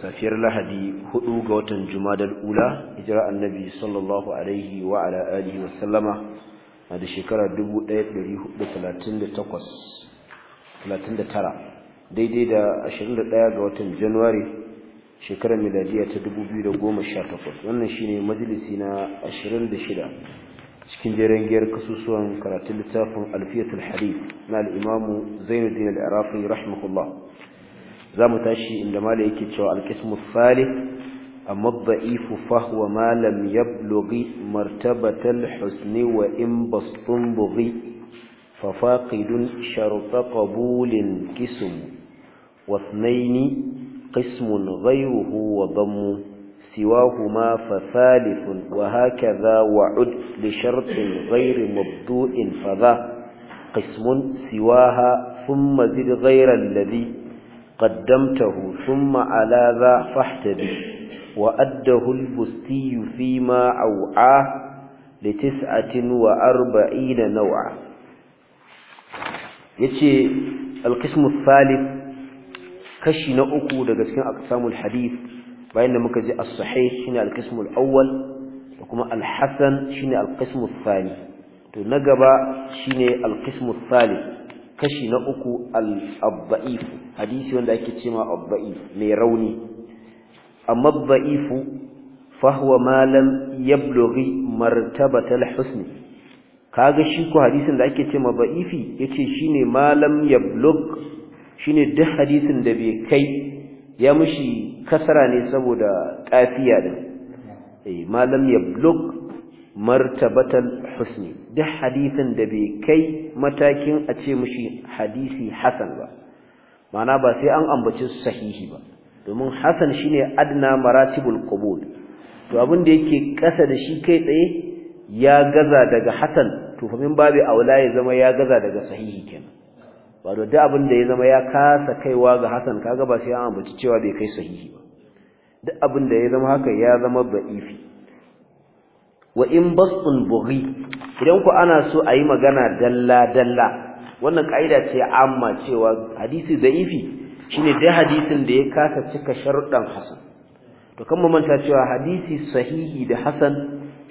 safiyar lahadi hudu ga watan jumadal ula hijira annabi sallallahu alaihi wa ala alihi wa sallama na da shekara 1439 daidai da 21 ga watan januwari shekarar miladiya ta 2018 wannan shine majalisi na 26 cikin jeren giyar kasusuwan karatun littafin alfiyatul hadith na al-imamu zainuddin al-arafi rahimahullah zamu tashi inda malai yake cewa al-qismu thalith amma dha'ifu fa huwa ma lam yablughi martabata al-husn wa in bastun bughi fa faqidun sharta qabulin qism wa ithnayn qismun ghayruhu wa dhammu سواهما فثالث وهكذا وعد لشرط غير مبدوء فذا قسم سواها ثم زد غير الذي قدمته ثم على ذا فاحتدي وأده البستي فيما أوعاه لتسعة وأربعين نوعا يتي القسم الثالث كشي نأكو لقسم أقسام الحديث بينما مكزي الصحيح شنع القسم الأول وكما الحسن شنع القسم الثاني تنقب شنع القسم الثالث kashi na uku al-abba'if hadisi wanda ake cewa abba'if mai rauni amma abba'ifu fa huwa ma lam yablughi martabata al-husn kaga shi ko hadisin da ake cewa ba'ifi yace shine ma lam yablugh shine duk hadisin da bai kai ya mushi kasara ne saboda kafiya din eh ma lam yablugh martabatal husni duk hadisin da bai kai matakin a ce mushi hadisi hasan ba mana ba sai an ambaci sahihi ba domin hasan shine adna maratibul qubul to abin da yake kasa da shi kai tsaye ya gaza daga hasan to fa min babu aula ya zama ya gaza daga sahihi kenan ba da duk abin da ya zama ya kasa kaiwa ga hasan kaga ba sai an ambaci cewa bai kai sahihi ba duk abin da ya zama haka ya zama baifi. wa in ɗin bughi idan ku ana so a yi magana dalla dalla wannan kaida ce amma cewa hadisi da'ifi shine dai hadisin da ya kasa cika sharuɗan hasan to kan ta cewa hadisi sahihi da hasan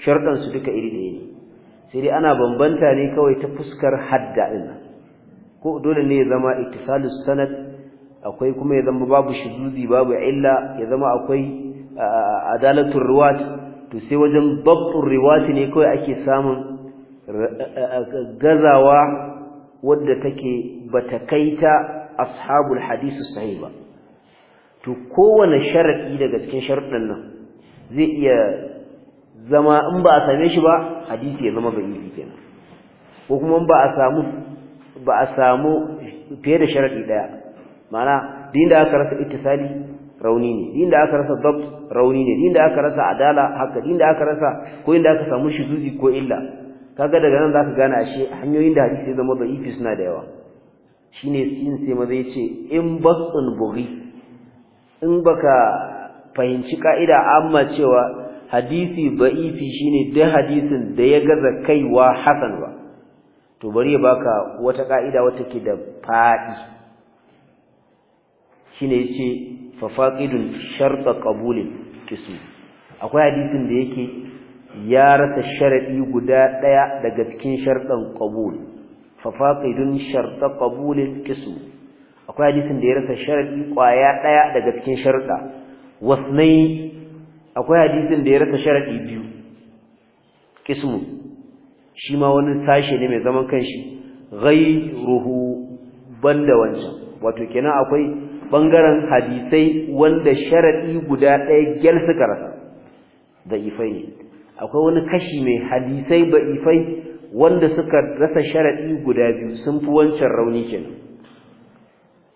sharuɗan su duka iri ɗaya ne sai dai ana bambanta ne kawai ta fuskar hadda din ko dole ne ya zama ittisalus sanad akwai kuma ya zama babu shuzuzi babu illa ya zama akwai adalatul ruwat to sai wajen babbar riwati ne kawai ake samun eh, eh, eh, gazawa wadda take bata kaita ashabul hadisi sahih ba to kowane sharadi daga cikin sharadin nan zai iya zama in ba a same shi ba hadisi ya zama yi kenan ko kuma in ba a samu ba a samu fiye da sharadi daya ma'ana din da aka rasa ittisali rauni ne din da aka rasa dabt rauni ne din da aka rasa adala haka din da aka rasa ko inda aka samu shuzuzi ko illa kaga daga nan zaka gane ashe hanyoyin da hadisi zama da ifi suna da yawa shine sin sai maza yace in basun bughi in baka fahimci kaida amma cewa hadisi ba'ifi shine da hadisin da ya gaza kaiwa hasan ba to bari ya baka wata kaida wata ke da fadi shine yace fa faqidun sharta qabulin kismi akwai hadisin da yake ya rasa sharadi guda daya daga cikin shartan qabul fa faqidun sharta qabulin kismi akwai hadisin da ya rasa sharadi kwaya daya daga cikin sharta wasnai akwai hadisin da ya rasa sharadi biyu kismu shi ma wani sashe ne mai zaman kanshi ghayruhu banda wancan wato kenan akwai bangaren hadisai wanda sharadi guda ɗaya gyal suka rasa ifai ne akwai wani kashi mai hadisai ifai wanda suka rasa sharadi guda biyu sun fi wancan rauni kenan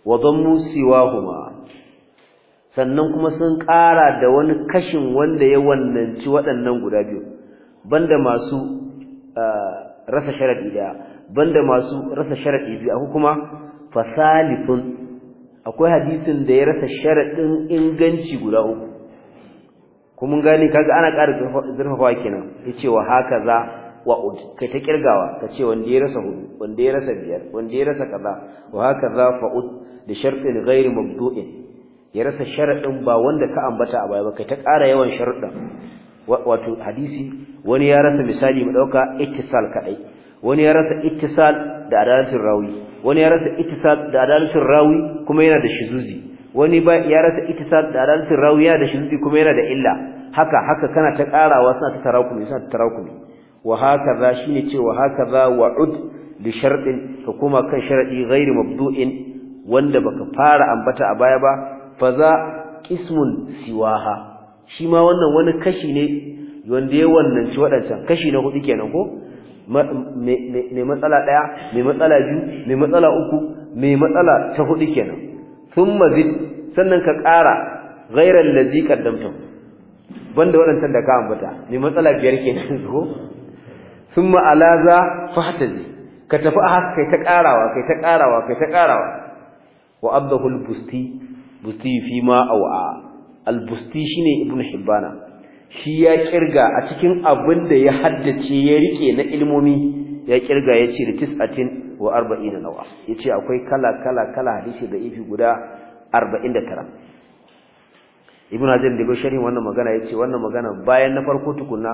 wadon dhammu kuma sannan kuma sun ƙara da wani kashin wanda ya wannanci waɗannan guda biyu banda masu rasa sharadi ɗaya, banda masu rasa sharadi biyu akwai kuma fasalifin. akwai hadisin da ya rasa sharaɗin inganci guda uku kuma gane kaga ana ƙara zurfafawa kenan ce wa za wa ud kai ta kirgawa ce wanda ya rasa hudu wanda ya rasa biyar wanda ya rasa kaza wa haka fa fa'ud da shartin gairi mabdu'in ya rasa sharaɗin ba wanda ka ambata a baya ba kai ta ƙara yawan sharaɗin wato hadisi wani ya rasa misali mu ɗauka ittisal kaɗai. wani ya rasa ittisal da adalatin rawi wani ya rasa ittisal da adalatin rawi kuma yana da shizuzi wani ba ya rasa ittisal da adalatin rawi yana da shizuzi kuma yana da illa haka haka kana ta karawa suna ta tarakumi suna ta tarakumi wa shine cewa hakaza ud li shartin ka kuma kan sharadi ghairi mabdu'in wanda baka fara ambata a baya ba za qismun siwaha shi ma wannan wani kashi ne wanda ya wannan ci wadancan kashi na hudu kenan ko mai matsala ɗaya mai matsala biyu mai matsala uku mai matsala ta hudu kenan sun mazid sannan ka ƙara gairar lazi ƙaddamta banda waɗancan da ka ambata mai matsala biyar kenan zuwa. sun ma'alaza fahtazi ka tafi a haka kai ta ƙarawa kai ta ƙarawa kai ta ƙarawa wa abdahul busti busti fi ma au'a al busti shine ibnu hibbana shi ya kirga a cikin abin da ya haddace ya rike na ilmomi ya kirga ya ce tis'atin wa arba'ina nawa ce akwai kala kala kala hadisi da ifi guda arba'in da tara ibn hazm da sharhi wannan magana ya ce wannan magana bayan na farko tukunna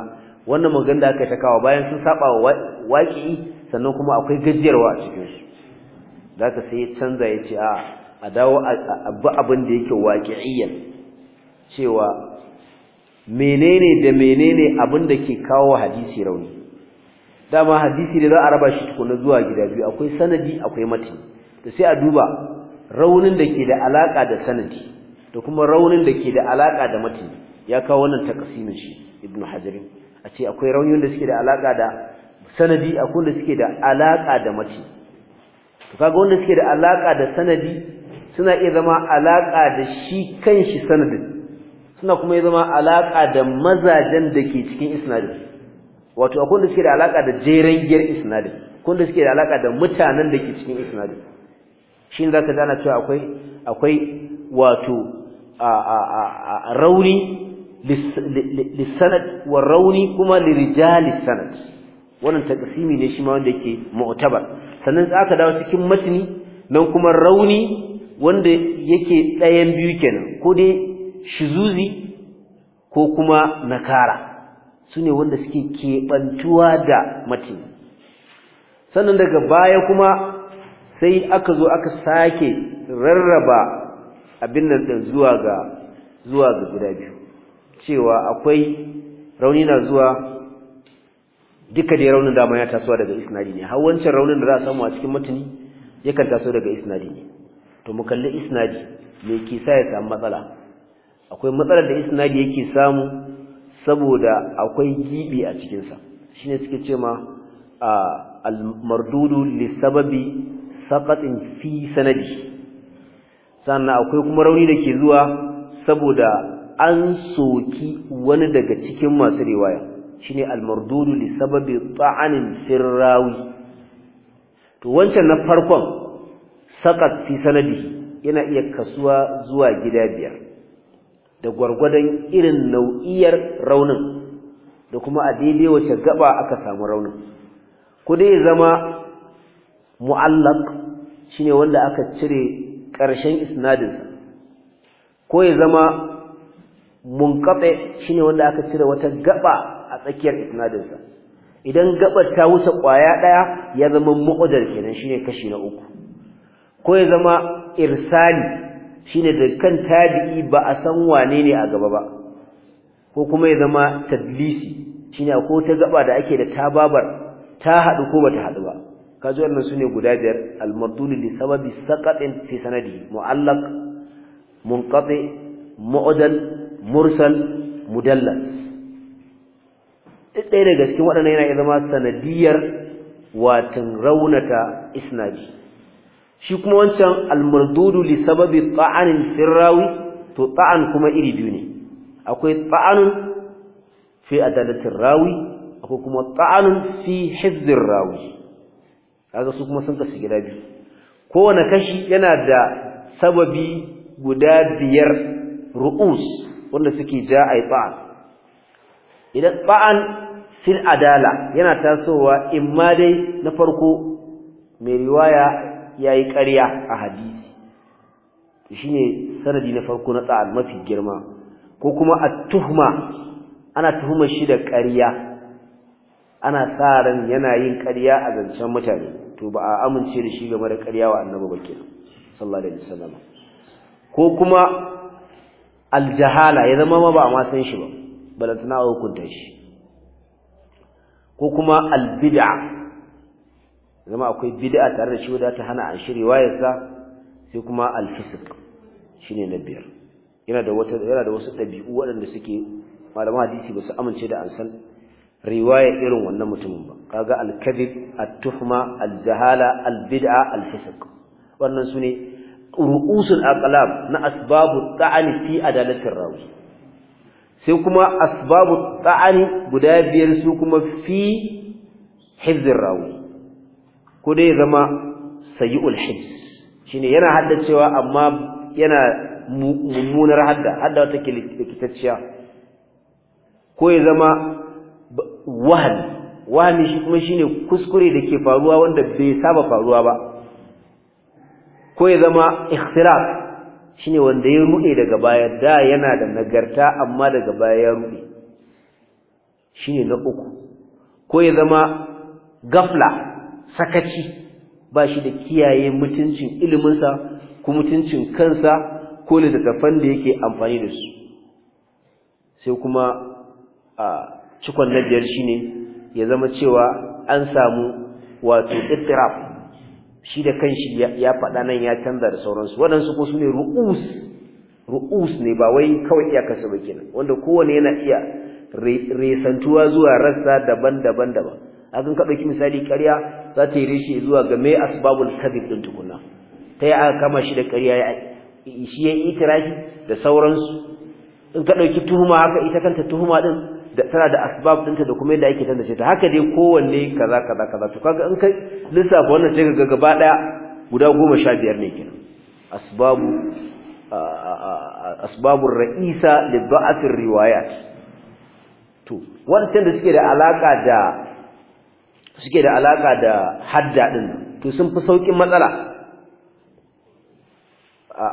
wannan magana da aka takawa bayan sun saba wa waki sannan kuma akwai gajiyarwa a cikin su zaka sai ya canza yace a a dawo abin da yake waqi'iyyan cewa menene da menene abin da ke kawo hadisi rauni dama hadisi da za a raba shi tukuna zuwa gida biyu akwai sanadi akwai mati Da sai a duba raunin da ke da alaka da sanadi da kuma raunin da ke da alaka da mati ya kawo wannan takasimin shi ibnu hajar a ce akwai raunin da suke da alaka da sanadi akwai da suke da alaka da mati to kaga wanda suke da alaka da sanadi suna iya zama alaka da shi kanshi sanadin suna kuma ya zama alaƙa da mazajen da ke cikin isnadin wato akwai da suke da alaƙa da jeren giyar isnadin akwai da suke da alaƙa da mutanen da ke cikin isnadin shi za ka dana cewa akwai akwai wato a rauni lissanad wa rauni kuma lirija sanad wannan takasimi ne shi ma wanda yake mu'tabar sannan za ka dawo cikin matini nan kuma rauni wanda yake ɗayan biyu kenan ko dai shuzuzi ko kuma nakara su ne wanda suke keɓantuwa da matini sannan daga baya kuma sai aka zo aka sake rarraba abin nan ɗin zuwa ga zuwa ga guda biyu cewa akwai rauni na zuwa duka dai raunin dama ya tasowa daga isnadi ne har wancan raunin da za a samu a cikin mutuni yakan taso daga isnadi ne to mu kalli isnadi me ke sa ya samu matsala akwai matsalar da isnadi yake samu saboda akwai gibi a cikinsa. sa shine suke ce ma al-mardudu li sababi saqatin fi sanadi sannan akwai kuma rauni da ke zuwa saboda an soki wani daga cikin masu riwaya shine al-mardudu li sababi ta'anin sirrawi to wancan na farkon saqat fi sanadi yana iya kasuwa zuwa gida biyar da gwargwadon irin nau'iyar raunin da kuma a daidai wace gaba aka samu raunin ku dai zama mu'allaq shine wanda aka cire ƙarshen isnadinsa ko ya zama munqati shine wanda aka cire wata gaba a tsakiyar isnadinsa idan gabar ta wuce kwaya ɗaya, ya zama muqaddar kenan shine kashi na uku ko ya zama irsali shine da kan tabi'i ba a san wane ne a gaba ba ko kuma ya zama tadlisi shine ko ta gaba da ake da tababar ta hadu ko bata hadu ba kaje wannan sune guda biyar al-mardul li sababi saqatin fi sanadi mu'allaq munqati mu'dal mursal mudallas ɗaya daga cikin waɗannan yana zama sanadiyar watan raunata isnadi shi kuma wancan almardudu li sababi ta'anin firrawi to ta'an kuma iri biyu ne akwai ta'anun fi adalatin rawi akwai kuma ta'anun fi hizzin rawi kaga su kuma sun kasu gida biyu kowane kashi yana da sababi guda biyar ru'us wanda suke ja yi ta'an idan ta'an fil adala yana tasowa imma dai na farko mai riwaya ya yi ƙarya a hadisi shine sanadi na farko na tsa'al mafi girma ko kuma a tuhma ana tuhuma shi da ƙarya ana sa ran yana yin ƙarya a zancen mutane to ba a amince da shi game da ƙarya wa annabi ba kenan sallallahu alaihi wasallam ko kuma aljahala ya zama ma ba ma san shi ba balantana hukunta shi ko kuma al zama akwai bid'a tare da shi wadda ta hana an shiri wayarsa sai kuma al-fisq shine na biyar yana da wata yana da wasu dabi'u waɗanda suke malaman hadisi ba su amince da ansan riwaya irin wannan mutumin ba kaga al-kadhib at-tuhma al-jahala al-bid'a al-fisq wannan sune ru'usul aqlam na asbabu ta'ani fi adalatir rawi sai kuma asbabu ta'ani guda biyar su kuma fi hifzir rawi ko dai zama sayyul hims shine yana haddacewa amma yana mummunar hadda hadda take likitacciya ko ya zama wahal, wahal shi kuma shine kuskure da ke faruwa wanda bai saba faruwa ba ko ya zama ikhtiraf shine wanda ya rude daga baya da yana da nagarta amma daga baya ya rude shine na uku ko ya zama gafla sakaci ba shi da kiyaye mutuncin iliminsa ko mutuncin kansa ko littattafan da yake amfani da su sai kuma a cikon na biyar ne ya zama cewa an samu wato ittiraf shi da kanshi ya faɗa nan ya canza da sauransu waɗansu ko su ne ru'us ru'us ne ba wai kawai iyakarsa ba kenan wanda kowane yana iya resantuwa zuwa rassa daban-daban daban akan ka ɗauki misali ƙarya za ta yi shi zuwa ga mai asbabul kadhib din tukuna ta yi aka kama shi da ƙarya shi ya itirafi da sauransu in ka ɗauki tuhuma haka ita kanta tuhuma da tana da asbab ɗinta da kuma yadda ake tantance ta haka dai kowanne kaza kaza kaza to kaga in kai lissafa wannan sai ga gaba ɗaya guda goma sha biyar ne kenan asbabu asbabur ra'isa li da'afir riwayat to wannan da suke da alaka da suke da alaka da hadda din to sun fi saukin matsala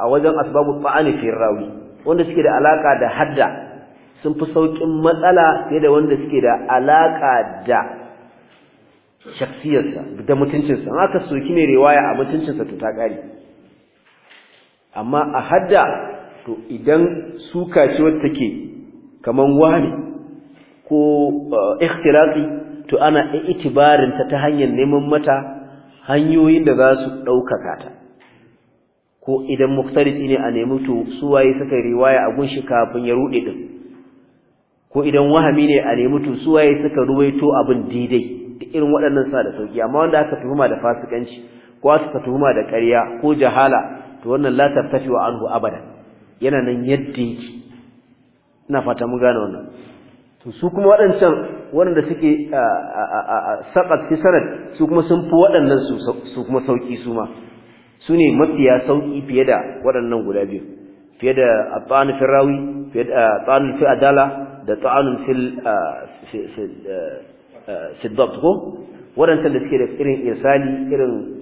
a wajen asbabu ta'ani fi rawi wanda suke da alaka da hadda sun fi saukin matsala fiye da wanda suke da alaka da shaksiyarsa da mutuncinsa haka soki mai riwaya a mutuncinsa to ta kare amma a hadda to idan suka ce wata take kaman wani ko eh, ikhtilafi to ana itibarin ta ta hanyar neman mata hanyoyin da za su ɗaukaka ta ko idan muftariti ne a nemi to suwaye suka riwaya a gunshi kafin ya ruɗe din ko idan wahami ne a nemi to suwaye suka ruwaito abin daidai da irin waɗannan sa da sauki amma wanda aka tuhuma da fasikanci ko aka tuhuma da ƙarya ko jahala to wannan la tartafi wa anhu abada yana nan yadda yake ina fata mun gane wannan to su kuma waɗancan waɗanda suke sakat fi sanad su kuma sun fi waɗannan su kuma sauƙi su ma su ne mafiya sauƙi fiye da waɗannan guda biyu fiye da tsanin fi rawi fiye da tsanin fi adala da tsanin fi dabt ko waɗancan da suke da irin irsali irin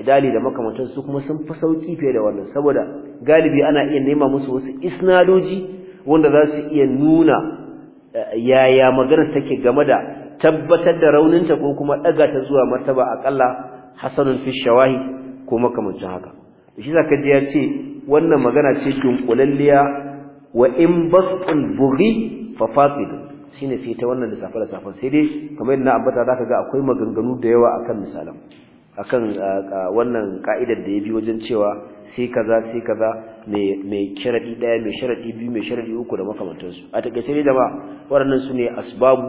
idali da makamantar su kuma sun fi sauƙi fiye da wannan saboda galibi ana iya nema musu wasu isnadoji wanda za su iya nuna yaya maganar take game da tabbatar da rauninta ko kuma daga ta zuwa martaba akalla hasanun fi shawahi ko makamancin haka shi zaka ji ya ce wannan magana ce dunkulalliya wa in basqul bughi fa faqid shine sai ta wannan lissafa lissafa sai dai kamar yadda na ambata zaka ga akwai maganganu da yawa akan misalan akan wannan ka'idar da ya bi wajen cewa sai kaza sai kaza mai sharadi daya mai sharadi biyu mai sharadi uku da makamantansu a takaice ne ba waɗannan su ne asbabu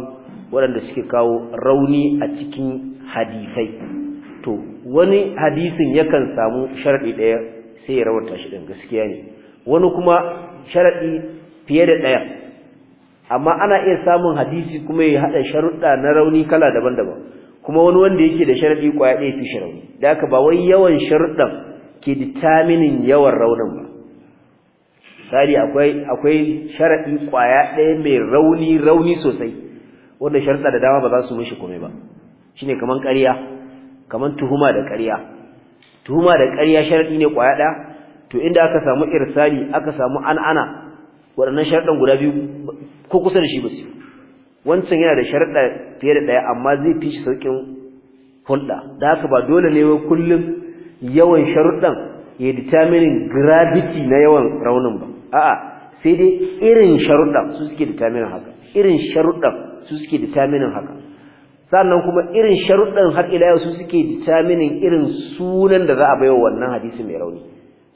waɗanda suke kawo rauni a cikin hadisai to wani hadisin yakan samu sharadi daya sai ya rawar tashi ɗan gaskiya ne wani kuma sharaɗi fiye da ɗaya amma ana iya samun hadisi kuma ya haɗa sharuɗa na rauni kala daban-daban kuma wani wanda yake da sharadi kwaya ɗaya fi sharauni da haka ba wai yawan sharuɗan ke determining yawan raunin ba misali akwai akwai sharadin kwaya ɗaya mai rauni rauni sosai wanda sharta da dama ba za su mishi komai ba shine kaman ƙarya kaman tuhuma da ƙarya tuhuma da ƙarya sharadi ne kwaya ɗaya to inda aka samu irsali aka samu ana-ana, waɗannan sharadan guda biyu ko kusa da shi ba su wancan yana da sharada fiye da ɗaya amma zai fi shi sauƙin hulɗa da haka ba dole ne kullum yawan sharuɗan ya determining gravity na yawan raunin ba a'a sai dai irin sharuɗan su suke taminin haka irin sharuɗan su suke taminin haka sannan kuma irin sharuɗan har ila yau su suke taminin irin sunan da za a baiwa wannan hadisi mai rauni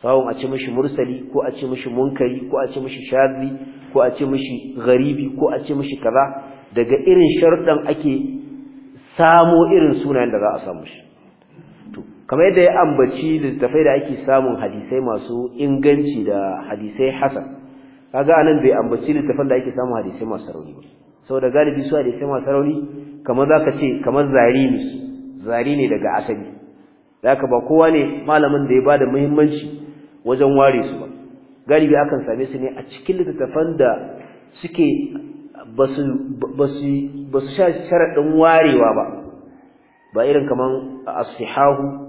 sawun a ce mishi mursali ko a ce mishi munkari ko a ce mishi shazi ko a ce mishi garibi ko a ce mishi kaza daga irin sharuɗan ake samo irin sunayen da za a samu shi kamar yadda ya ambaci littafai da ake samun hadisai masu inganci da hadisai hasan kaga anan bai ambaci littafan da ake samun hadisai masu rauni ba saboda galibi su hadisai masu rauni kamar zaka ce kamar zari ne zari ne daga asali zaka ba kowa ne malamin da ya bada muhimmanci wajen ware su ba galibi akan same su ne a cikin littafan da suke ba su sha sharadin warewa ba ba irin kamar asihahu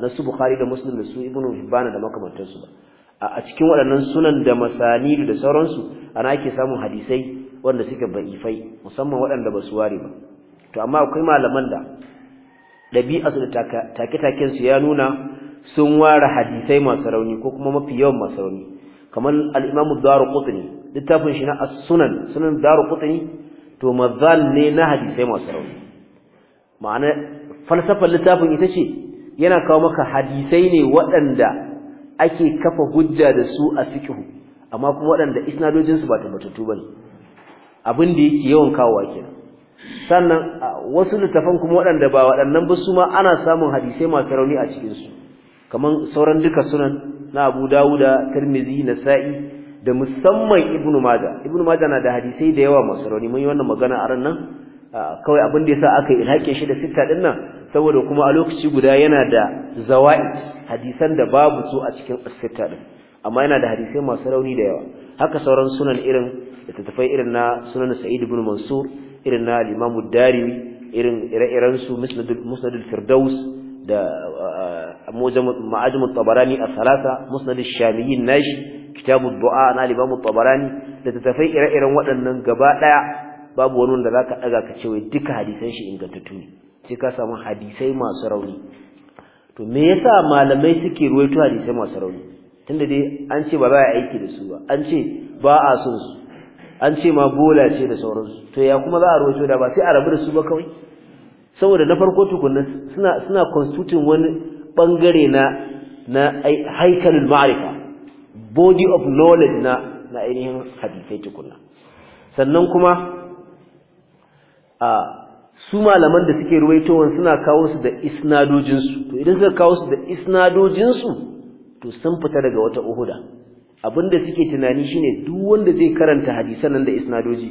na su bukhari da muslim da su Ibn hibban da makamantansu ba a cikin waɗannan sunan da masanidu da sauransu ana ake samun hadisai wanda suke ba'ifai musamman waɗanda ba su ware ba to amma akwai malaman da ɗabi'arsu da take-taken su ya nuna sun ware hadisai masu rauni ko kuma mafi yawan masu rauni kamar al-Imam Daruqutni littafin shi na As-Sunan sunan Daruqutni to mazal ne na hadisai masu rauni ma'ana falsafar littafin ita ce yana kawo maka hadisai ne waɗanda ake kafa hujja da su a fiqh amma kuma waɗanda isnadojin su ba tabbatattu bane abin da yake yawan kawowa kenan sannan wasu littattafan kuma waɗanda ba waɗannan ba su ma ana samun hadisai masu rauni a cikin su kaman sauran duka sunan na Abu Dawud, da Tirmidhi, Nasa'i da musamman Ibn Majah. Ibn Majah na da hadisai da yawa masu rauni mun yi wannan magana a ran nan kawai abin da yasa aka yi shi da sitta din saboda kuma a lokaci guda yana da zawaid hadisan da babu su a cikin as din amma yana da hadisai masu rauni da yawa haka sauran sunan irin littattafai irin na sunan Sa'id ibn Mansur irin na Imam Ad-Darimi irin ire-iren su uh, uh, Musnad al-Firdaus da Ma'ajim al-Tabarani al-Thalatha Musnad shamiyyin nashi Kitab ad-Du'a na Imam al-Tabarani littattafai ire-iren waɗannan gaba daya babu wani wanda zaka daga ka ce wai duka hadisan shi ingantattu ne sai ka samu hadisai masu rauni to me yasa malamai suke ruwaito hadisai masu rauni tunda dai an ce ba za a aiki da su ba an ce ba a son su an ce ma bola ce da sauransu to ya kuma za a ruwaito da ba sai a rabu da su ba kawai saboda na farko tukunna suna suna constituting wani bangare na na haikalul ma'rifa body of knowledge na na ainihin hadisai tukunna sannan kuma a su malaman da suke ruwaitowar suna kawo su da isnadojinsu to idan suka kawo su da isnadojinsu to sun fita daga wata uhuda abinda suke tunani shine duk wanda zai karanta hadisan nan da isnadoji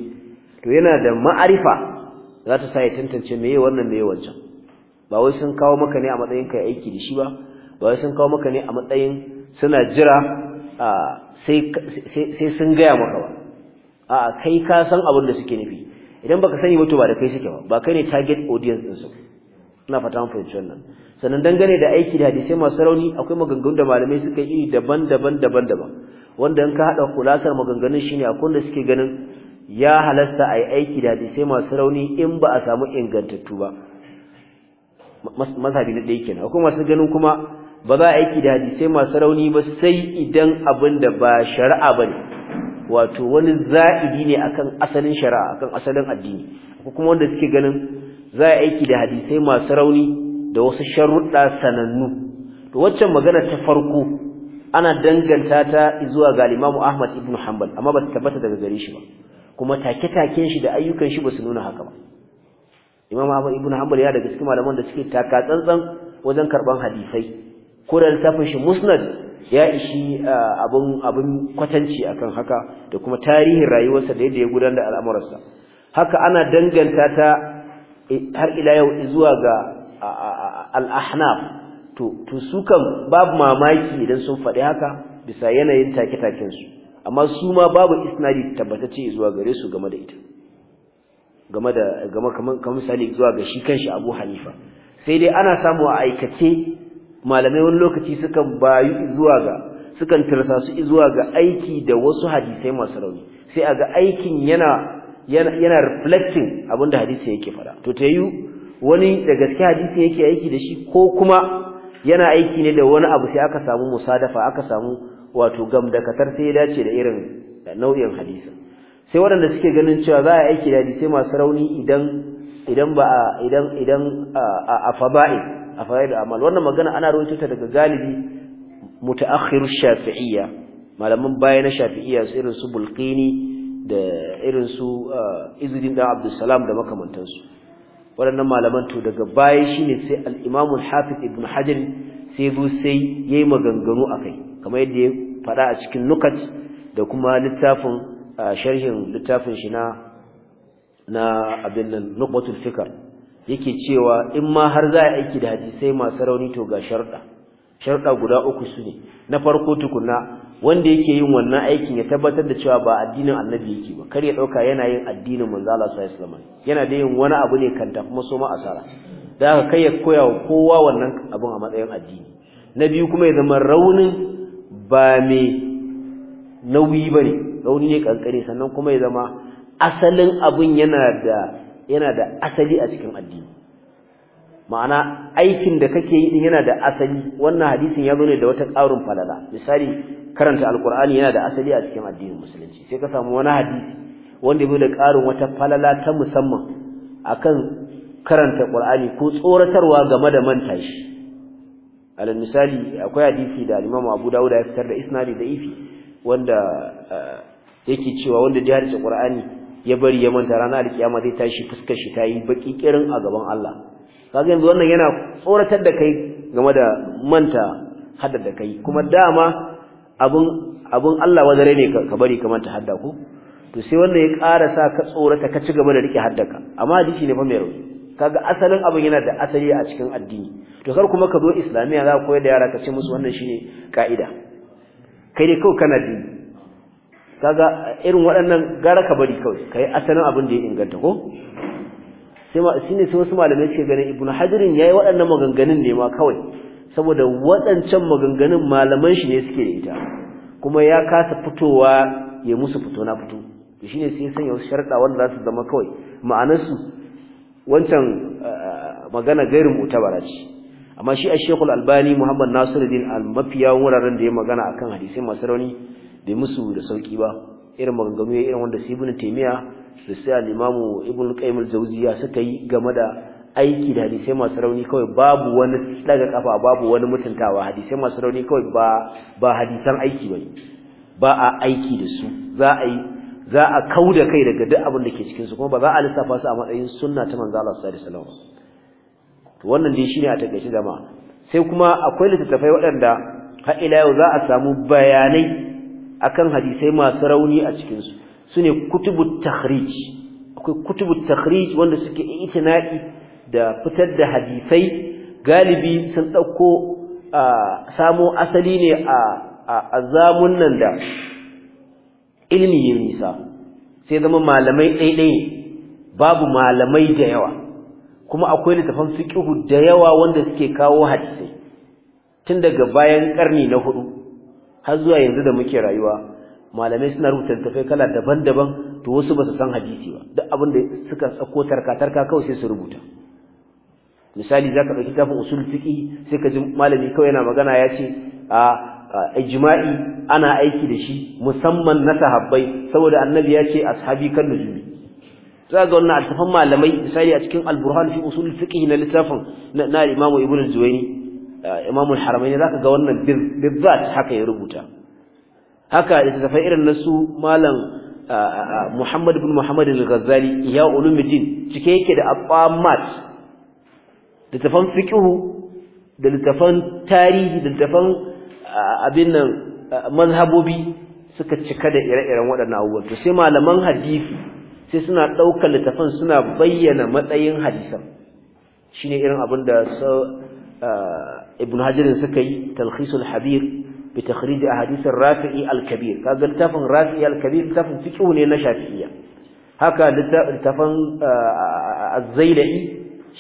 to yana da ma'arifa za ta sa ya tantance meye wannan meye wancan ba wai sun kawo maka ne a matsayin kai aiki da shi ba ba wai sun kawo maka ne a matsayin suna jira sai sun gaya maka ba a'a kai ka san abin da suke nufi idan baka sani ba to ba da kai suke ba ba kai ne target audience din su ina fata mun fahimci wannan sannan dangane da aiki da hadisai masu rauni akwai maganganun da malamai suka yi daban-daban daban-daban wanda in ka hada kulasar maganganun shine akwai wanda suke ganin ya halasta ai aiki da hadisai masu rauni in ba a samu ingantattu ba mazhabi na ɗaya kenan akwai masu ganin kuma ba za a aiki da hadisai masu rauni ba sai idan abin da ba shari'a ba ne. wato wani za'idi ne akan asalin shari'a akan asalin addini ko kuma wanda suke ganin za a aiki da hadisai masu rauni da wasu sharuɗa sanannu to waccan magana ta farko ana danganta ta zuwa ga Imam Ahmad ibn Hanbal amma ba ta tabbata daga gare shi ba kuma take-taken shi da ayyukan shi ba su nuna haka ba Imam Ahmad ibn Hanbal ya daga cikin malaman da suke taka tsantsan wajen karban hadisai ko da littafin shi Musnad ya ishi abun abun kwatanci akan haka da kuma tarihin rayuwarsa da yadda ya gudanar da al'amuransa haka ana danganta ta eh, har ila yau zuwa ga al-ahnaf to to su kan babu mamaki idan sun faɗi haka bisa yanayin take-taken su amma su ma babu isnadi tabbatacce zuwa gare su game da ita game da game kamar kamar misali zuwa ga shi kanshi Abu Hanifa sai dai ana samu aikace malamai wani lokaci sukan bayu zuwa ga sukan tirsa su zuwa ga aiki da wasu hadisai masu rauni sai a ga aikin yana yana, reflecting abinda hadisi yake fada to ta yi wani da gaske hadisi yake aiki da shi ko kuma yana aiki ne da wani abu sai aka samu musadafa aka samu wato gamdakatar sai ya dace da irin nau'in hadisi sai waɗanda suke ganin cewa za a aiki da hadisai masu rauni idan idan ba idan idan a faba'i afaidu amal wannan magana ana rawaito ta daga galibi mutaakhiru shafi'iyya malaman baya na shafi'iyya su irin su bulqini da irin su ah, izudin da salam da makamantansu waɗannan malaman to daga baya shine sai al-imam al-hafiz ibn hajar sai bu sai yayi maganganu akai kamar yadda ya faɗa a cikin nukat da kuma littafin ah, sharhin littafin shi na na abin nan nuqbatul fikr yake cewa in ma har za a aiki da hadisai masu rauni to ga sharda sharda guda uku su ne na farko tukunna wanda yake yin wannan aikin ya tabbatar da cewa ba addinin annabi yake ba kar ya dauka yana yin addinin manzo Allah sallallahu alaihi yana da yin wani abu ne kan tafi maso ma asara da haka kai ya koya wa kowa wannan abun a matsayin addini na biyu kuma ya zama raunin ba mai nauyi bane rauni ne kankare sannan kuma ya zama asalin abun yana da yana da asali a cikin addini ma'ana aikin da kake yi din yana da asali wannan hadisin ya zo ne da wata ƙarin falala misali karanta alqur'ani yana da asali a cikin addinin musulunci sai ka samu wani hadisi wanda bai da ƙarin wata falala ta musamman akan karanta qur'ani ko tsoratarwa game da manta shi alal misali akwai hadisi da al-imamu Abu Dawud ya fitar da isnadi da ifi wanda eh, yake cewa wanda jihar Qur'ani ya bari ya manta ranar alkiyama zai tashi fuskar shi tayi baki kirin a gaban Allah kaga yanzu wannan yana tsoratar da kai game da manta hadda da kai kuma dama abun abun Allah wadare ne ka bari ka manta hadda ko to sai wannan ya ƙara sa ka tsorata ka ci gaba da rike haddaka amma dishi ne fa mai rauni kaga asalin abin yana da asali a cikin addini to kar kuma ka zo islamiya za ka koyar da yara ka ce musu wannan shine ka'ida kai ne kawai kana dini kaga irin waɗannan gara ka bari kawai kai asalin abin da ya inganta ko sai shine sai wasu malamai suke ganin ibnu hajarin yayi waɗannan maganganun ne ma kawai saboda waɗancan maganganun malaman shi ne suke da ita kuma ya kasa fitowa ya musu fito na fito shine sai sanya wasu sharɗa wanda za su zama kawai ma'anarsu wancan eh, magana gairin mutabara ce amma shi a shekul albani muhammad nasiruddin al mafiya wuraren da ya magana akan hadisai masu rauni bai musu da sauki ba irin maganganu irin wanda su ibn taymiya su sai al-imamu ibn qayyim al-jawziya suka yi game da aiki da hadisai masu rauni kawai babu wani daga kafa babu wani mutuntawa hadisai masu rauni kawai ba ba hadisan aiki bane ba a aiki da su za a yi za a kauda kai daga duk abin da ke cikin su kuma ba za a lissafa su a matsayin sunna ta manzo Allah sallallahu alaihi wasallam wannan dai shine a takaice jama'a sai kuma akwai littattafai waɗanda har ila yau za a samu bayanai akan hadisai masu rauni a cikin su sune kutubu takhrij akwai kutubu takhrij wanda suke itina'i da fitar da hadisai galibi sun dauko samo asali ne a azamun nan da ilmi ya nisa sai zama malamai ɗaiɗai babu malamai da yawa kuma akwai littafan fiqhu da yawa wanda suke kawo hadisai tun daga bayan karni na hudu har zuwa yanzu da muke rayuwa malamai suna rubuta littattafai kala daban-daban to wasu ba su san hadisi ba duk abin da suka tsako tarka-tarka kawai sai su rubuta misali za ka ɗauki tafin usul fiƙi sai ka ji malami kawai yana magana ya ce a ijma'i ana aiki da shi musamman na sahabbai saboda annabi ya ce ashabi kan nujumi za ga wannan altafan malamai misali a cikin alburhan fi usul fiƙi na littafin na imamu ibn zuwaini imamul haramaini zaka ga wannan bizzat haka ya rubuta haka littattafai irin na su malam Muhammad ibn Muhammad al-Ghazali ya ulumuddin cike yake da mat littafan fiqhu da littafan tarihi da littafan abin nan mazhabobi suka cika da ire-iren waɗannan abubuwan to sai malaman hadisi sai suna ɗaukar littafan suna bayyana matsayin hadisan shine irin abin da ibn hajar suka yi talkhisul habir bi takhrij ahadith rafi'i al-kabir kaga littafin rafi'i al-kabir littafin fiqh ne na shafi'iyya haka littafin az-zailai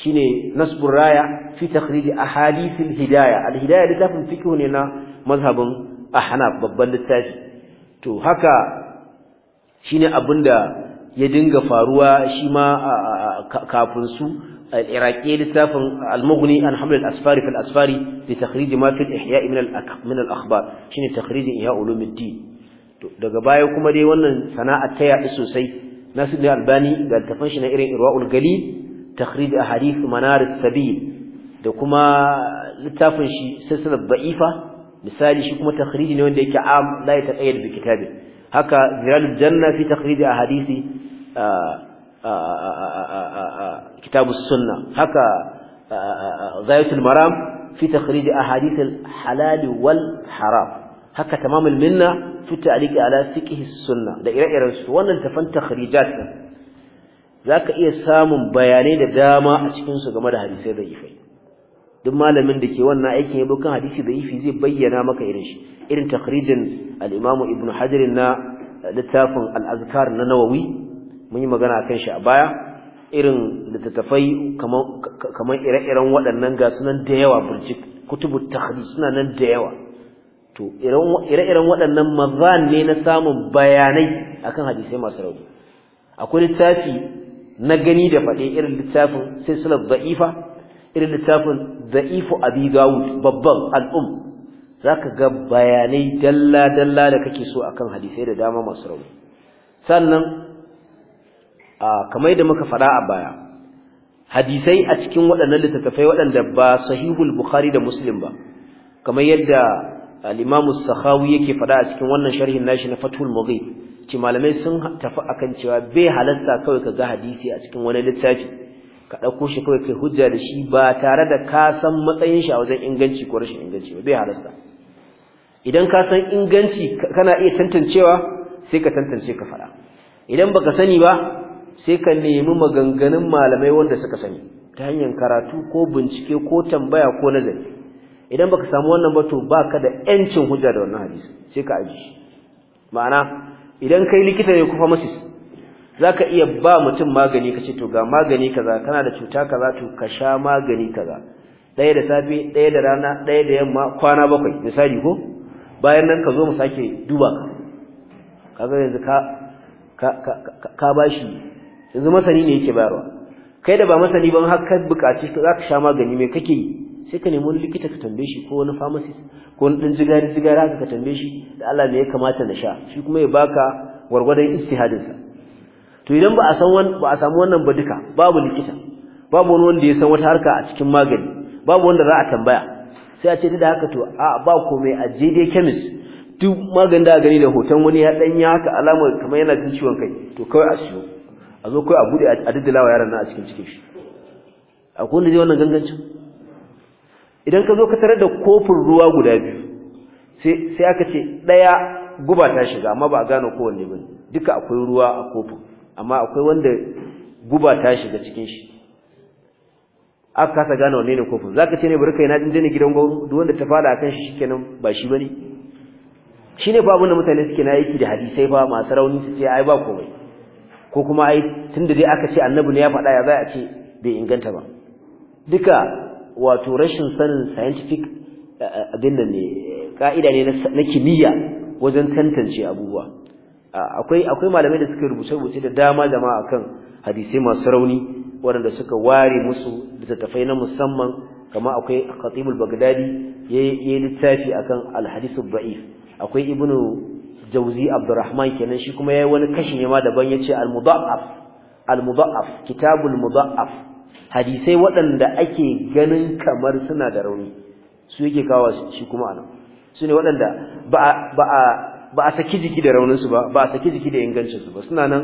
shine nasbur raya fi takhrij ahadith al-hidayah al-hidayah littafin fiqh ne na mazhabin ahnaf babban littafi to haka shine abinda ya dinga faruwa shi ma kafin su العراقي لتاف المغني عن حمل الأسفار في الأسفار لتخريج ما في الإحياء من من الأخبار شنو تخريج إحياء علوم الدين daga baya kuma dai wannan sana'a ta yaɗu sosai Nasiruddin Albani ga tafan shi na irin Irwaul Galil takhrij ahadith manar sabil da kuma littafin shi silsilar da'ifa misali shi kuma takhrij ne wanda yake am la yataqayyad bi kitabin haka Zilalul Janna fi takhrij ahadisi kitabu sunna haka zayatul maram fi takhrij a al-halal wal haram haka ta tamamul minna fi ta'liqi ala sunna da ire-iren su wannan tafan takhrijat zaka iya samun bayanai da dama a cikinsu game da hadisai da'ifai duk malamin da ke wannan aikin ya bukan hadisi da'ifi zai bayyana maka irin shi irin takhrijin al-imam ibn na littafin al-azkar na nawawi mun yi magana kan shi a baya irin littattafai kamar ire-iren waɗannan ga sunan da yawa burjik kutubu tahdid suna nan da yawa to ire-iren waɗannan mazan ne na samun bayanai akan hadisai masu rauni akwai littafi na gani da faɗe irin littafin suna za'ifa irin littafin za'ifu abi dawud babban al'um zaka ga bayanai dalla dalla da kake so akan hadisai da dama masu rauni sannan Ah, kamar da muka faɗa a baya hadisai a cikin waɗannan littattafai waɗanda ba sahihul bukhari da muslim ba kamar yadda ah, al-imam sakhawi yake faɗa a cikin wannan sharhin nashi na fathul mughi ci malamai sun tafi akan cewa bai halatta kawai ka ga hadisi a cikin wani littafi ka dauko shi kawai kai hujja da shi ba tare da ka san matsayin shi a wajen inganci ko rashin inganci ba bai halasta idan ka san inganci kana iya tantancewa sai ka tantance ka faɗa idan baka sani ba sai ka nemi maganganun malamai wanda suka sani ta hanyar karatu ko bincike ko tambaya ko nazari idan baka samu wannan ba to da yancin hujja da wannan hadisi sai ka aji ma'ana idan kai likita ne ku pharmacist zaka iya ba mutum magani kace to ga magani kaza kana da cuta kaza to ka sha magani kaza ɗaya da safe ɗaya da rana ɗaya da yamma kwana bakwai misali ko bayan nan ka zo mu sake duba ka kaga yanzu ka ka ka, ka, ka bashi yanzu masani ne yake bayarwa kai da ba masani ban har ka buƙaci za ka sha magani mai kake yi sai ka nemi likita ka tambaye shi ko wani pharmacist ko wani ɗan jigari jigari haka ka tambaye shi da Allah ne ya kamata na sha shi kuma ya baka gwargwadon sa to idan ba a san wani ba a samu wannan ba duka babu likita babu wani wanda ya san wata harka a cikin magani babu wanda za a tambaya sai a ce da haka to a ba komai a je dai chemist duk maganin da gani da hoton wani ya danya haka alamar kamar yana jin ciwon kai to kawai a siyo a zo kai a bude a diddila yaran yaron nan a cikin cikin shi akwai wanda zai wannan gangancin idan ka zo ka tarar da kofin ruwa guda biyu sai aka ce ɗaya guba ta shiga amma ba a gane kowanne ba duka akwai ruwa a kofin amma akwai wanda guba ta shiga cikin shi a kasa gane wanne ne kofin zaka ce ne bari kai na din dane gidan gwamnati duk wanda ta fada kan shi shikenan ba shi bane shine fa abin da mutane suke na yake da hadisai fa masu rauni su ce ai ba komai ko kuma ai tunda dai aka ce annabi ne ya faɗa ya za a ce bai inganta ba duka wato rashin sanin scientific eh, eh, abin da ne ka'ida ne na kimiyya wajen tantance abubuwa akwai akwai malamai da suka rubuce rubuce da dama jama'a akan hadisai masu rauni waɗanda suka ware musu littattafai na musamman kama akwai khatibul bagdadi yayi littafi akan al ba'i akwai ibnu jauzi abdurrahman kenan shi kuma yayi wani kashin ma daban yace al-mudha'af al-mudha'af kitabul mudha'af hadisai waɗanda ake ganin kamar suna da rauni su yake kawo shi kuma anan su ne waɗanda ba ba ba a saki jiki da raunin su ba ba a saki jiki da ingancin su ba suna nan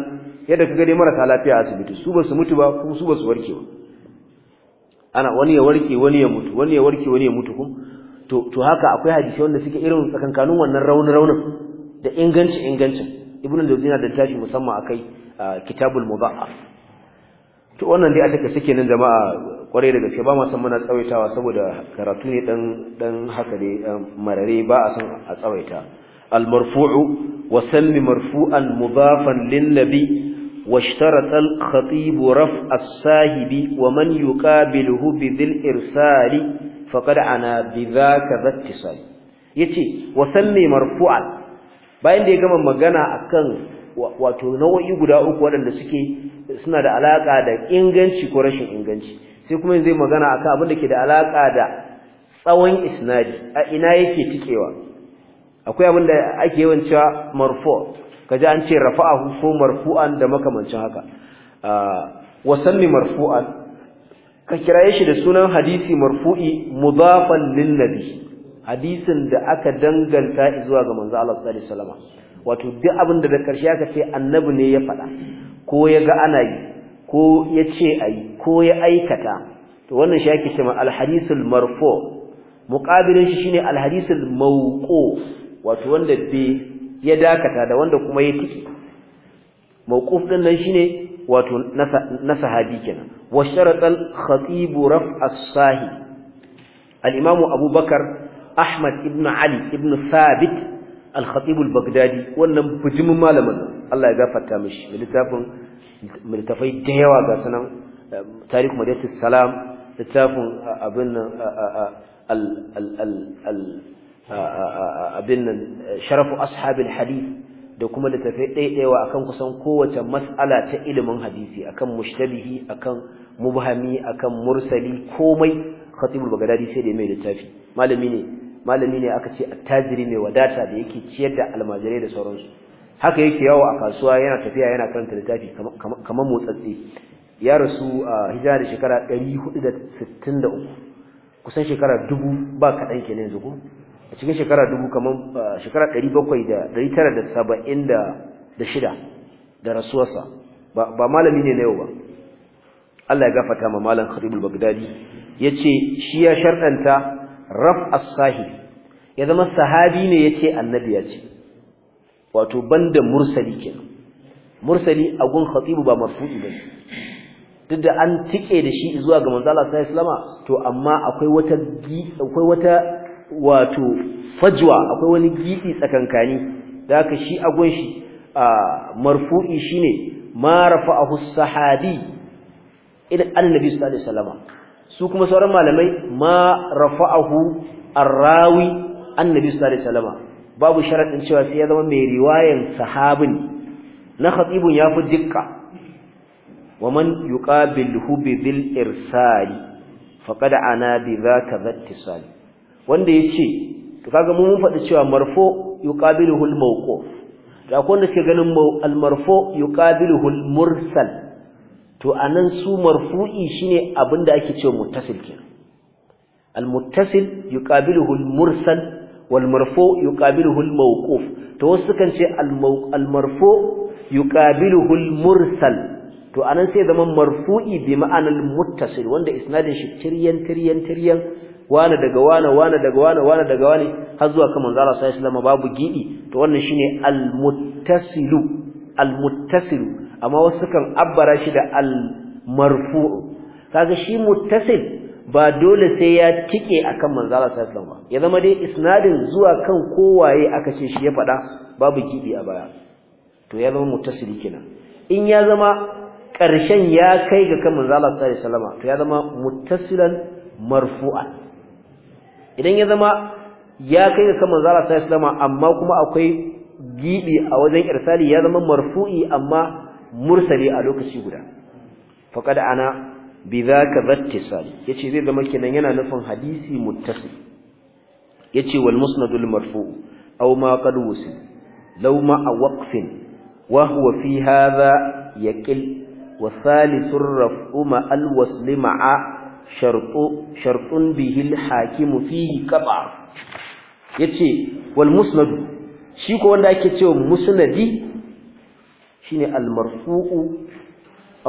yadda kaga dai marasa lafiya a asibiti su ba su mutu ba kuma su ba su warke ba ana wani ya warke wani ya mutu wani ya warke wani ya mutu kuma to to haka akwai hadisi wanda suke irin tsakankanin wannan raunin raunin da inganci ingancin ibnu da yana da tashi musamman akai kitabul mudha'af to wannan dai a sake nan jama'a kwarai da gaske ba ma san muna tsawaitawa saboda karatu ne dan dan haka dai um, marare ba a san a tsawaita al marfu'u wa sammi marfu'an mudafan lin nabi واشترط الخطيب رفع الصاحب ومن يقابله بذي الإرسال فقد عنا بذاك ذا اتصال يتي وسمي مرفوعا bayan da ya gama magana kan wato nau'o'i guda uku waɗanda suke suna da alaƙa da inganci ko rashin inganci sai kuma zai magana akan abin da ke da alaƙa da tsawon isnadi a ina yake tikewa akwai abin da ake yawan cewa marfu kaji an ce rafa'ahu ko marfu'an da makamancin haka ah, wa sanni marfu'an ka kiraye shi da sunan hadisi marfu'i mudafan lin nabi hadisin da aka danganta zuwa ga manzo Allah sallallahu alaihi wasallam wato duk abin da da karshe aka ce annabi ne ya faɗa ko ya ga ana yi ko ya ce ayi ko ya aikata to wannan shi ake cewa al-hadisul marfu muqabilin shi shine al-hadisul mawqu wato wanda bai ya dakata da wanda kuma ya tiki mawquf din nan shine wato na sahabi kenan wa sharatal khatib raf sahi al-imamu abubakar Ahmad ibn Ali ibn Sabit al-Khatib al-Baghdadi wannan bujimin malamin Allah ya gafarta mishi littafin littafai da yawa ga sanan Tarikh Madatus Salam littafin abin al al al abin nan sharafu ashabil hadith da kuma littafai ɗaiɗaiwa akan kusan kowace mas'ala ta ilimin hadisi akan mushtabihi akan mubhami akan mursali komai khatibul sai da mai littafi malami ne malami ne aka ce attajiri mai wadata da yake ciyar da almajirai da sauransu haka yake yawo a kasuwa yana tafiya yana karanta littafi kamar motsatsi ya rasu a hijira da shekara 463 kusan shekara dubu ba kaɗan kenan yanzu ko a cikin shekara dubu kamar shekara 776 da rasuwarsa ba malami ne na yau ba Allah ya gafata ma malam Khatibul Baghdadi yace shi ya sharɗanta raf as-sahibi ya zama sahabi ne yace annabi ya ce wato banda mursali kenan mursali a gun khatibu ba marfu'i ba duk da an tike da shi zuwa ga manzo Allah sallallahu alaihi to amma akwai wata akwai wata wato fajwa akwai wani gidi tsakankani da haka shi a gun shi marfu'i shine ma rafa'ahu as-sahabi ila annabi sallallahu alaihi wasallama su kuma sauran malamai ma rafa'ahu arrawi annabi sallallahu alaihi wasallam babu sharadin cewa sai ya zama mai riwayan sahabin na khatibun ya fi dukka waman bi bil irsali faqad ana bi zaka zattisali wanda yace to kaga mun faɗi cewa marfo yuqabiluhu al mawquf da ko wanda suke ganin al marfo yuqabiluhu al mursal to a nan su marfu'i shine abinda ake cewa muttasil kenan al-muttasil yuqabiluhu al-mursal wal marfu yuqabiluhu al-mawquf to wasu kan ce al-marfu yuqabiluhu al-mursal to anan sai zaman marfu'i bi ma'anar muttasil wanda isnadin shi tiryan tiryan tiryan wane daga wane wane daga wane wane daga wane har zuwa kan manzo Allah sallallahu alaihi babu giɗi. to wannan shine al-muttasilu al-muttasilu amma wasu kan abbara shi da al marfu kaga shi muttasil ba dole sai ya tike akan manzala sallallahu alaihi wasallam ba ya zama dai isnadin zuwa kan kowaye aka ce shi ya faɗa babu gibi a baya to ya zama muttasili kenan in ya zama ƙarshen ya kai ga kan Manzala sallallahu alaihi wasallam to ya zama muttasilan marfu'a idan ya zama ya kai ga kan Manzala sallallahu alaihi wasallam amma kuma akwai gibi a wajen irsali ya zama marfu'i amma mursali a lokaci guda faqad ana bidhaka battisal yace zai zama kenan yana nufin hadisi muttasil yace wal musnadul marfu aw ma qad wusil law ma waqfin wa huwa fi hadha yaqil wa thalithur raf'u ma al wasl ma'a shartu shartun bihi al hakim fihi qaba yace wal musnad shi ko wanda ake cewa musnadi shine al-marfu'u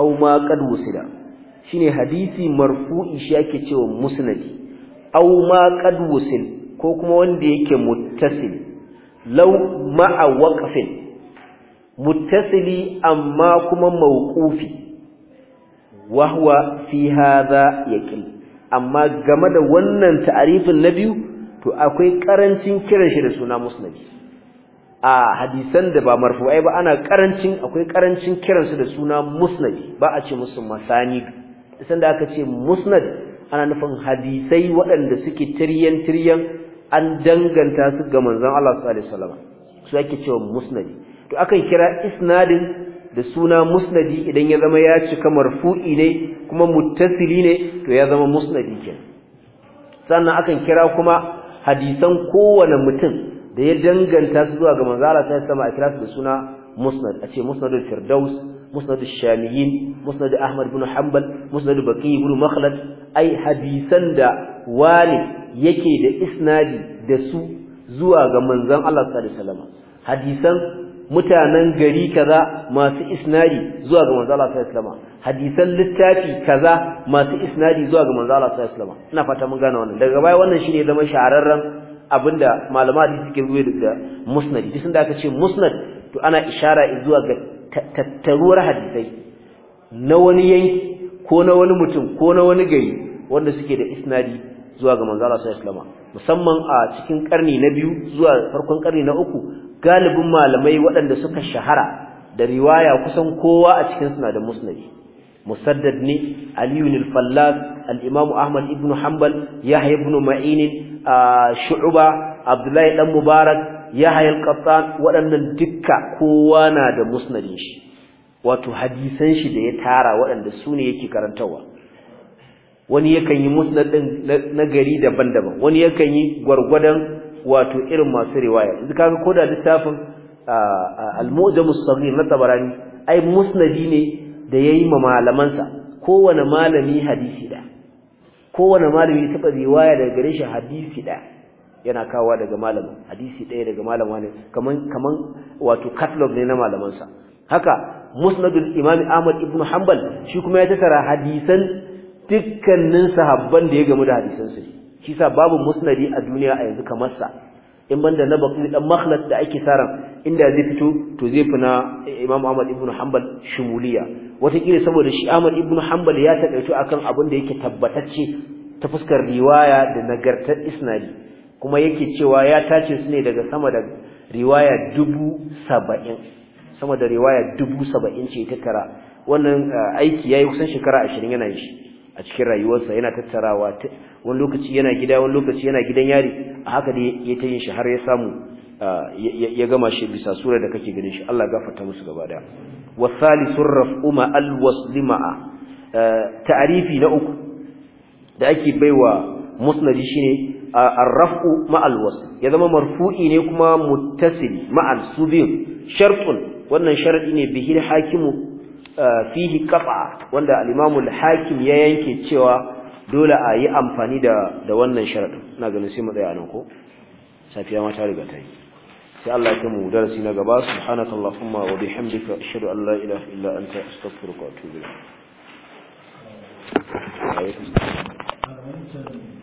aw ma qad wusila shine hadisi marfu'i shi yake cewa musnadi aw ma qad wusil ko kuma wanda yake muttasil law ma'a waqfin muttasili amma kuma mawqufi wa huwa fi hadha yaqin amma game da wannan ta'arifin na biyu to akwai karancin kiran shi da suna musnadi a hadisan da ba marfu'ai ba ana karancin akwai karancin kiransu da suna musnad ba a ce musu masanid san da aka ce musnad ana nufin hadisai waɗanda suke tiryan tiryan an danganta su ga manzon Allah sallallahu alaihi wasallam su ake cewa musnad to akan kira isnadin da suna musnadi idan ya zama ya cika marfu'i ne kuma muttasili ne to ya zama musnadi kenan sannan akan kira kuma hadisan kowane mutum da ya danganta su zuwa ga manzo Allah sai sama a da suna musnad a ce musnadul firdaus musnadul shamiyin musnad ahmad ibn hanbal musnad baqi ibn makhlad ai hadisan da wali yake da isnadi da su zuwa ga manzan Allah sallallahu alaihi wasallam hadisan mutanen gari kaza masu isnadi zuwa ga manzo Allah sallallahu alaihi wasallam hadisan littafi kaza masu isnadi zuwa ga manzo Allah sallallahu alaihi wasallam ina fata mun gane wannan daga baya wannan shine zama shahararren abinda malama hadisi suke ruwe da musnad duk sun da aka ce musnad to ana ishara zuwa ga tattaruwar hadisai na wani yanki ko na wani mutum ko na wani gari wanda suke da isnadi zuwa ga manzo Allah sallallahu alaihi musamman a cikin karni na biyu zuwa farkon karni na uku galibin malamai waɗanda suka shahara da riwaya kusan kowa a cikin suna da musnadi musaddad ne aliyu al-fallas al-imam ahmad ibn hanbal yahya ibn ma'in shu'uba abdullahi dan mubarak yahya al-qattan waɗannan dukka kowa na da musnadin shi wato hadisan shi da ya tara waɗanda sune yake karantawa wani yakan yi musnad din na gari daban-daban wani yakan yi gwargwadon wato irin masu riwaya idan kaga koda littafin al-mu'jam saghir na tabarani ai musnadi ne da yayi ma malamansa kowane malami hadisi da kowane malami taɓa riwaya daga gare shi hadisi ɗaya yana kawowa daga malamin hadisi ɗaya daga malamin ne kaman kaman wato catalog ne na malamansa haka musnadul imam ahmad ibnu hanbal shi kuma ya tattara hadisan dukkanin sahabban da ya gamu da hadisan su shi sa babu musnadi a duniya a yanzu kamar sa in banda na bakin dan makhlas da ake saran inda zai fito to zai fi na Imam Ahmad ibn Hanbal shumuliya wataƙila saboda shi Ahmad ibn Hanbal ya a akan abin da yake tabbatacce ta fuskar riwaya da nagartar isnadi kuma yake cewa ya tace su ne daga sama da riwaya dubu saba'in sama da riwaya dubu ce ta kara wannan eh, aiki yayi kusan shekara ashirin yana yi shi a cikin rayuwarsa yana tattarawa wani lokaci yana gida wani lokaci yana gidan yari a haka dai ya ta yin shi har ya samu ya gama shi bisa sura da kake ganin shi Allah gafarta musu gaba daya wa thalithur raf'uma alwaslima'a Ta'arifi na uku da ake baiwa musnadi shine arrafu ma'al wasl ya zama marfu'i ne kuma muttasili ma'al subin shartun wannan sharadi ne bihil hakimu fihi kafa wanda al-Imam hakim ya yanke cewa dole a yi amfani da da wannan sharadin ina ganin sai mu tsaya nan ko safiya ma ta riga ta yi sai Allah ya mu darasi na gaba subhanaka wa bihamdika ashhadu an la ilaha illa anta astaghfiruka wa atubu ilayk